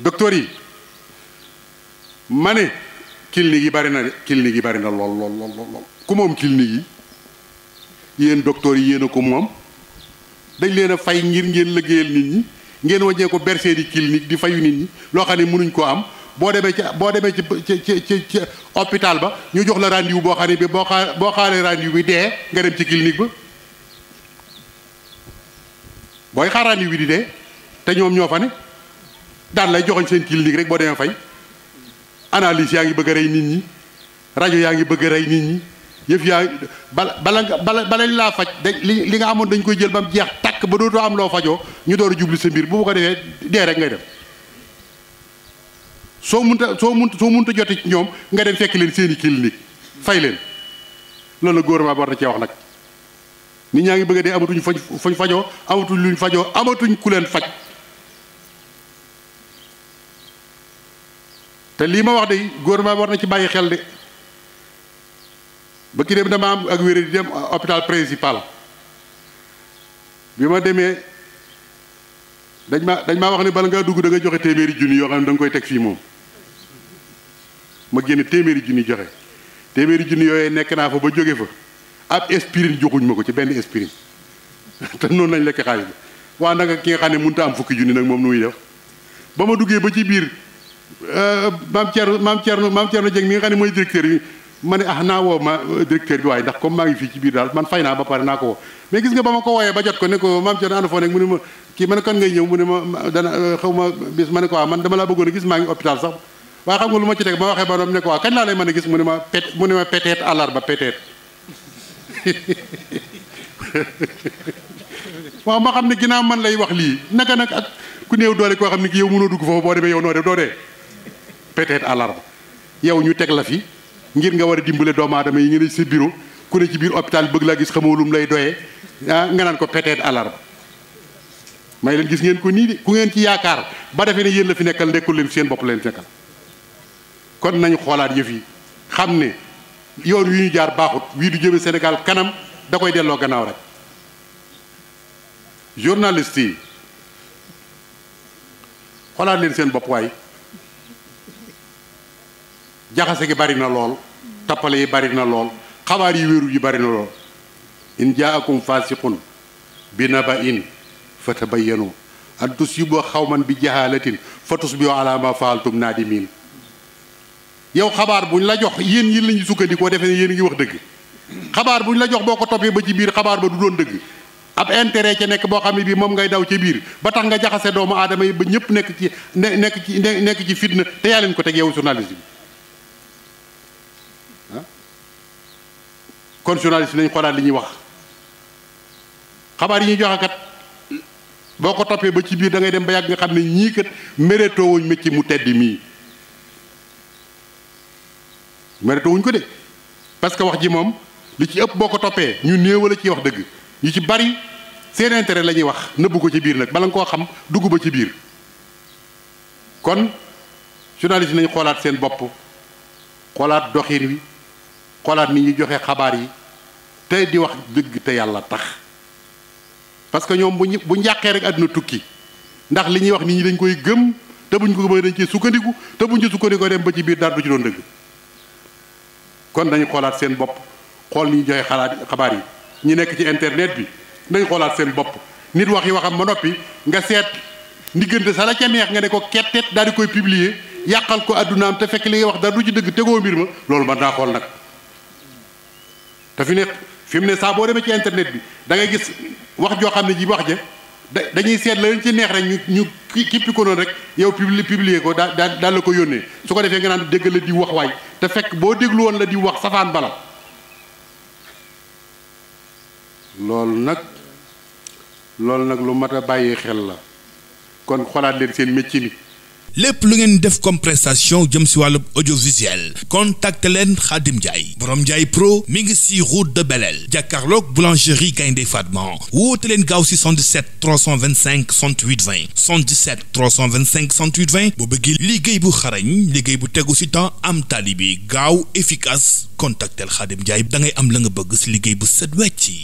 docteur yi ma ne clinique yi bari na de clinique yi bari na lool lool lool ku moom clinique yi yéen docteur yi yéen a ko moom dañ leen a fay ngir ngeen liggéeyal nit ñi ngeen wàññee ko berse di clinique di fayu nit ñi loo xam ne mënuñ koo am boo demee ci boo demee ci ci ci ci hôpital ba ñu jox la rendez-vous boo xam ne bi boo xaa boo xaaree rendez bi dee nga dem ci clinique ba booy xaar rendez bi di te ñoom ñoo fa ne daan lay joxoñ seen clinique rek boo demee fay analyse yaa ngi bëgg rey nit ñi rajo yaa ngi bëgg rey nit ñi yëf yaa bala bala nga bala balañ laa faj dañ li li nga amoon dañ koy jël ba mu jeex takk ba dootoo am loo fajoo ñu door a jublu sa mbir bu ko defee dee rek ngay dem soo munta soo munta soo munta jote ci ñoom nga dem fekk leen seeni clinique fay leen loolu góor gouvernement bi war wax nag nit ñaa ngi bëgg a dee amatuñ fañ fañ fajoo amatuñ luñ fajoo amatuñ ku leen faj te li ma wax de gouvernement war na ci xel de ba dama am ak hôpital principal bi ma dañ ma dañ maa wax ne bala nga dugg da nga joxe téeméeri junni yoo xam koy teg fii moom ma génn téeméeri ba fa aspirine joxuñ ci lekk ki Euh, maam Thierno maam Thierno maam Thierno Dieng mi nga xam ne mooy directeur yi ma ne ah naa woo ma euh, directeur bi waaye ndax comme maa ngi fii ci biir daal man fay naa ba pare naa ko woo mais gis nga ba ma ko wooyee ba jot ko ne ko maam Thierno ànd foo nekk mu ne ma kii man ne euh, xaw ma bis ma ne ko waaw ah, man dama laa bëggoon a ngi hôpital sax waaye xam lu ma ci teg ba waxee ba ne ko waaw ah, kañ laa lay mën a gis mu ne ma pet mu ne ma peut xam ne ginnaaw man lay wax lii naka nag ak ku néew doole koo xam ne ki yow mënoo dugg foofu boo demee yow noo def doo dee peut-être yow ñu teg la fi ngir nga war a dimbale doomu aadama yi nga ne ci bureau ku ne ci biir hôpital bëgg laa gis xamoo mu lay doyee ah nga naan ko peut-être may leen gis ngeen ko nii de ku ngeen ci yaakaar ba defee ne yéen la fi nekkal nekkul leen seen bopp leen nekkal kon nañu xoolaat yëf yi xam ne yoon wi ñu jaar baaxut wii du jëme senegal kanam da koy delloo gannaaw rek journaliste yi xoolaat leen seen bopp waay jaxase gi bari na lool tappale yi bari na lool xabaar yi wéru yi bari na lool in jaakum fasiqun bi ba in fatabayyanu an tusibu xawman bi jahalatin fa tusbihu ala ma faaltum naadimin yow xabaar buñ la jox yéen yi lañu sukkandikoo defe ne yéen ngi wax dëgg xabaar buñ la jox boo ko toppee ba ci biir xabaar ba du doon dëgg ab intérêt ca nekk boo xam ne bii moom ngay daw ci biir ba tax nga jaxase doomu aadama yi ba ñëpp nekk ci nekk ci fitna te leen ko teg yow journaliste kon journaliste nañ xoolaat li ñuy wax xabaar yi ñuy joxe kat boo ko toppee ba ci biir da ngay dem ba yàgg nga xam ne ñii kat mérétoo wuñ métier mu tedd mii mérétoo wuñ ko de parce que wax ji moom li ci ëpp boo ko toppee ñu néew la ci wax dëgg ñu ci bari seen intérêt la ñuy wax nëbbu ko ci biir nag bala nga koo xam dugg ba ci biir kon journaliste nañ xoolaat seen bopp xoolaat doxin wi xolaat ni ñi joxe xabar yi tey di wax dëgg te yàlla tax parce que ñoom bu ñu bu njàqee rek aduna tukki ndax li ñuy wax nit ñi dañ koy gëm te buñ ko gëmee dañ ci sukkandiku te buñ ci sukkandiku dem ba ci biir dara du ci doon dëgg kon nañu xolaat seen bopp xol ñi joxe xalaat xabar yi ñi nekk ci internet bi dañ xolaat seen bopp nit wax yi waxam ba noppi nga seet ndiggante sa la ca neex nga ne ko kettet daal di koy publier yàqal ko addunaam te fekk li ngay wax dara du ci dëgg tegoo mbir ma loolu mën naa xool nag te fi ne fi mu ne saa boo demee ci internet bi dangay gis wax joo xam ne ji wax ja da dañuy seet la ci neex rek ñu ñu kippi ko noonu rek yow publi publier ko daa daa daal la ko yónnee su ko defee nga naan dégg la di wax waay te fekk boo déglu woon la di wax safaan bala loolu nag loolu nag lu mat a bàyyi xel la kon xolaat leen seen métier bi lépp lu ngeen def comme prestation jëm si wàllu audiovisuel contacte leen Khadim Ndiaye borom Ndiaye pro mi ngi si route de Belel jàkkaarloog boulangerie Gaynde Fatma woote leen gaaw si 77 325 68 20 77 325 68 20 boo bëggee liggéey bu xarañ liggéey bu tegu si temps am tali bi gaaw efficace contactel Khadim Ndiaye da ngay am la nga bëgg si liggéey bu set wecc